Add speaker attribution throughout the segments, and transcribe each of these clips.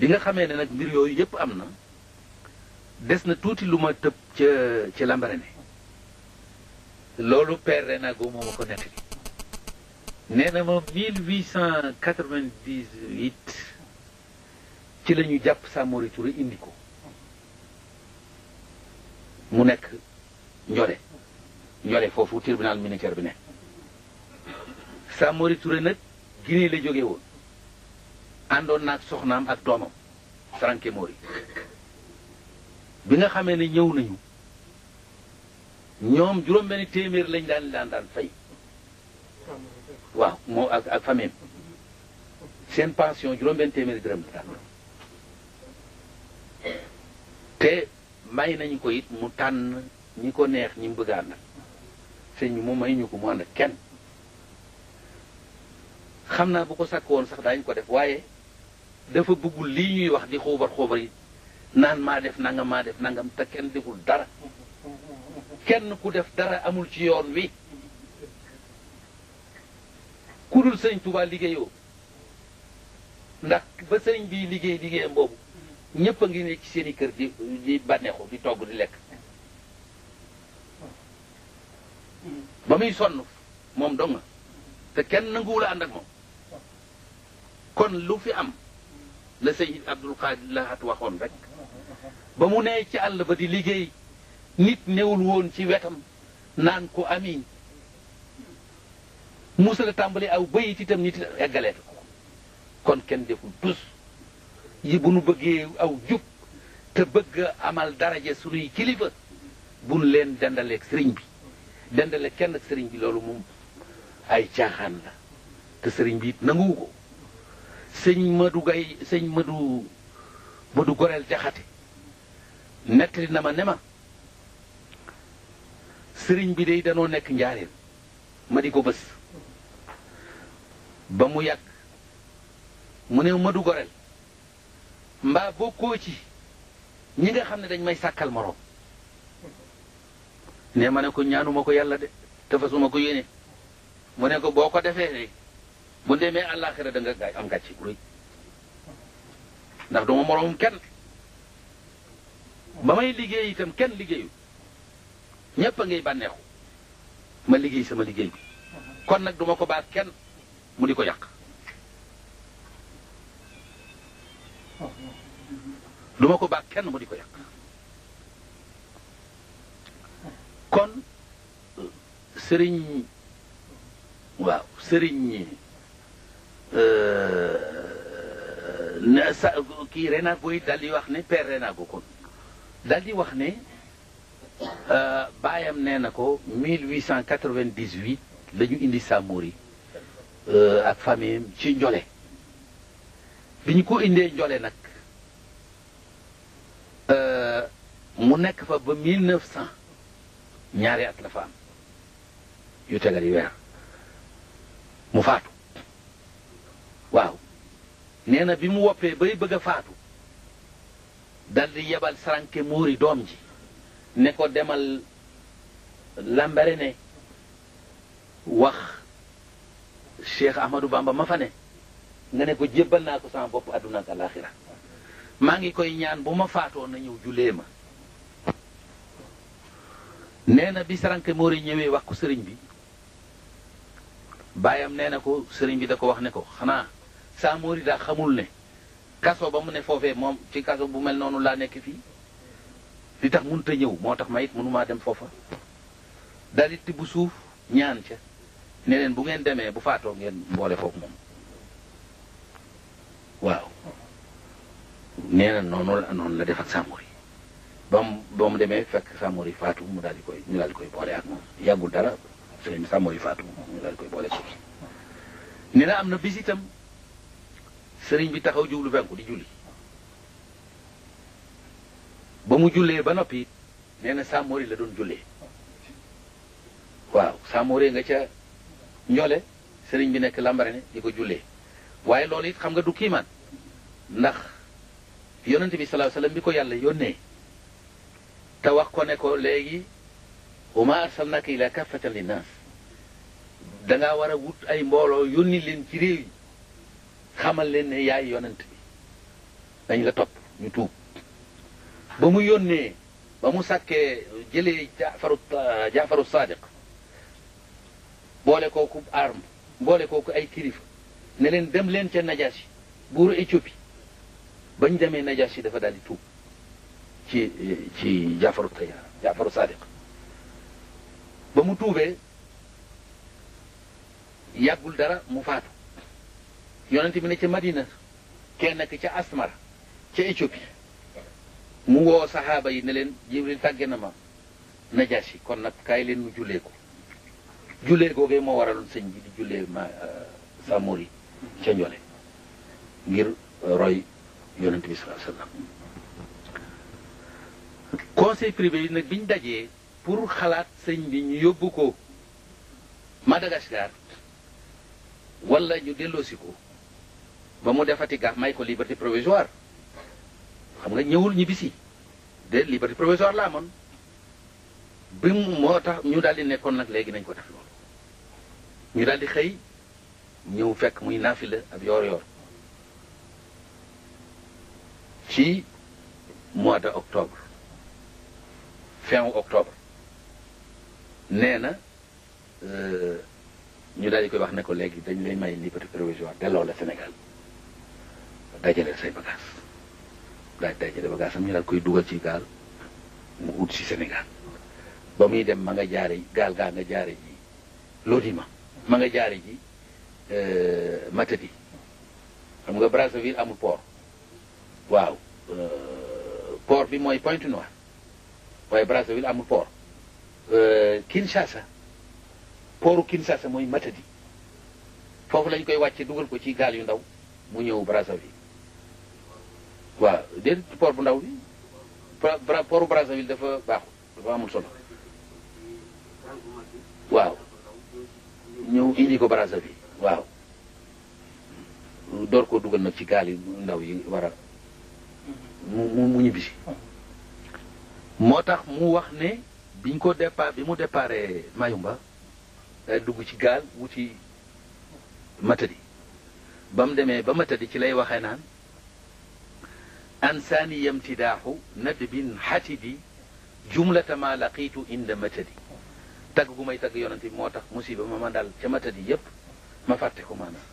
Speaker 1: bi nga xamee ne nag mbir yooyu yëpp am na des na tuuti lu ma tëb ca ci Lambaréné loolu père Renago moo ma ko nettali nee na ma 1898 ci la ñu jàpp Samori Touré indi ko mu nekk Njole Njole foofu tribunal militaire bi ne Samori Touré nag Guinée la jógee woon àndoon naag soxnaam ak doomam Tranché Mori bi nga xamee ni ñëw nañu ñoom juróom-benn téeméer lañ daan daan daan fay waaw moo ak ak famille seen pension juróom-benn téeméer dërëm la daan te may nañu ko it mu tànn ñi ko neex ñi mu bëgg a àndal mu may ñu ko mu ànd kenn xam naa bu ko sàkk woon sax daañu ko def waaye. dafa bëggul lii ñuy wax di xuubar xuubar yi naan maa def nangam maa def nangam te kenn deful dara kenn ku def dara amul ci yoon wi ku dul sëñ Tuubaa liggéeyoo ndax ba sëñ bi liggéey liggéeyam boobu ñëpp a ngi ne ci seeni kër di di bànneexu di togg di lekk ba muy sonn moom dong te kenn nanguwul a ànd ak moom kon lu fi am la Seyid Abdul Qaadir Lahat waxoon rek ba mu nee ci àll ba di liggéey nit newul woon ci wetam naan ko amiin Muusa la tàmbali aw bayit itam nit eggaleetu ko kon kenn deful tus yi bu nu bëggee aw jub te bëgg amal daraje sunuy kilifa bu nu leen dendaleeg sëriñ bi dendale kenn ak sëriñ bi loolu moom ay caaxaan la te sëriñ bi it nanguwu ko sëñ Madou Gay sëñ Madou Madou Gorel Jaxate nettali na ma ne ma sëriñ bi day danoo nekk njaareem ma di ko bés ba mu yàgg mu ne Madou Gorel mbaa bokkoo ci ñi nga xam ne dañ may sàkkal moroom ne ma ne ko ñaanuma ko yàlla de tafasuma ko yéene mu ne ko boo ko defee bu demee àllaaxira da nga gaay am gàcce gu rëy ndax duma moroom kenn ba may liggéey itam kenn liggéeyu ñépp a ngay bànneexu ma liggéey sama liggéey bi kon nag duma ko baas kenn mu di ko yàq duma ko baas kenn mu di ko yàq kon euh, sëriñ waaw sëriñ Euh, sa kii Renago yi daal di wax ne père Renago kon daal di wax ne euh, baayam nee na ko 1898 la ñu indi Samori euh, ak famille ci Njole bi ñu ko indee Njole nag mu nekk fa ba 1900 ñaari at la fa am yu tegal yi weer mu faatu. nee na bi mu woppee bay bëgg a faatu daldi yebal saranke móori doom ji ne ko demal lambare ne wax Cheikh Ahmadou Bamba ma fa ne nga ne ko jébbal naa ko sama bopp àdduna ak alaaxira maa ngi koy ñaan bu ma faatoo na ñëw jullee ma nee na bi saranke móori ñëwee wax ko sëriñ bi baayam nee na ko sëriñ bi da ko wax ne ko xanaa Samori daal xamul ne kaso ba mu ne foofee moom ci kaso bu mel noonu laa nekk fii li tax mënut a ñëw moo tax ma it mënumaa dem foofa dalit ti bu suuf ñaan ca ne leen bu ngeen demee bu faatoo ngeen boole foofu moom waaw nee na noonu la noonu la def ak Samori ba mu ba mu demee fekk Samori faatu mu dal di koy ñu daal di koy boole ak moom yàggul dara sëriñ Samori faatu mu ñu daal di koy boole ak nee na am na bis itam sëriñ bi taxaw jublu benku di julli ba mu jullee ba noppi nee na yi la doon jullee waaw sàmmoori nga ca njoole sëriñ bi nekk lambarene di ko jullee waaye lool it xam nga du kiimaan ndax yonente bi salaa sallam bi ko yàlla yónnee te wax ko ne ko léegi wa ma yi ila kaffatan linnaas dangaa war a wut ay mbooloo yónni leen ci réew yi xamal leen ne yaay yonent bi dañ la topp ñu tuub ba mu yónnee ba mu sàkkee jëlee jaafaru jaafaru saadiq boole kooku arme boole kooku ay kilifa ne leen dem leen ca najaasi buuru Éthiopie bañ demee najaasi dafa daal di tuub ci ci jaafaru tayyaar jaafaru saadiq ba mu tuubee yàggul dara mu faatu yonent bi ne ca Madina kee nekk ca Asmar ca Éthiopie mu woo saxaaba yi ne leen Jibril tàgge na ma yi kon nag kay leen nu jullee ko jullee googee moo waraloon sëñ bi di jullee ma euh, Samori ca Njole ngir roy yonent bi sallallahu alayhi nag bi ñu dajee pour xalaat sëñ bi ñu yóbbu ko Madagascar wala ñu delloosi ko ba mu defati gaaf may ko liberté provisoire xam nga ñëwul ñibbisi de liberté provisoire laa amoon bi moo tax ñu daal di nekkoon nag léegi nañ ko def loolu ñu daal di xëy ñëw fekk muy naafila ab yoor-yoor ci mois de octobre fin octobre nee na euh, ñu daal di koy wax ne ko léegi dañ lay may liberté provisoire delloo la Sénégal. dajaleel say bagaas daal dajale bagaasam ñu daal koy dugal ci gaal mu ut si Sénégal ba muy dem ma nga jaare gaal gaa nga jaare ji Lodima ma nga jaare ji euh, Matadi xam nga Brazzaville amul port waaw euh, port bi mooy Pointe Noire waaye Brazzaville amul port euh, Kinshasa portu Kinshasa mooy Matadi foofu lañ koy wàcce dugal ko ci gaal yu ndaw mu ñëw Brazzaville waaw déedéet port bu ndaw bi bra portu Brazzaville dafa baaxul dafa amul solo waaw ñëw indi ko Brazzaville waaw door koo duggal nag ci gaal yi ndaw yi war a mu mu ñibbisi moo tax mu wax ne biñ ko départ bi mu déparé Mayumba day eh, dugg ci gaal wuti Matadi ba mu demee ba Matadi ci lay waxee naan أنساني يمتداح ندب حتدي jumlata ma laqiitu inda matadi tagg gu may tagg yonent moo tax musiba ma ma dal ca matadi yépp ma fàtte ko maanaam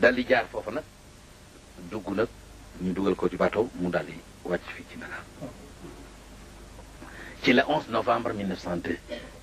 Speaker 1: dal di jaar foofu nag dugg nag ñu dugal ko ci bateau mu dal di wàcc fii ci Ndakaar ci la 11 novembre 1902